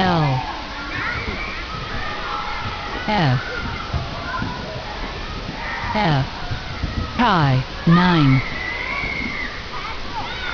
L F F I nine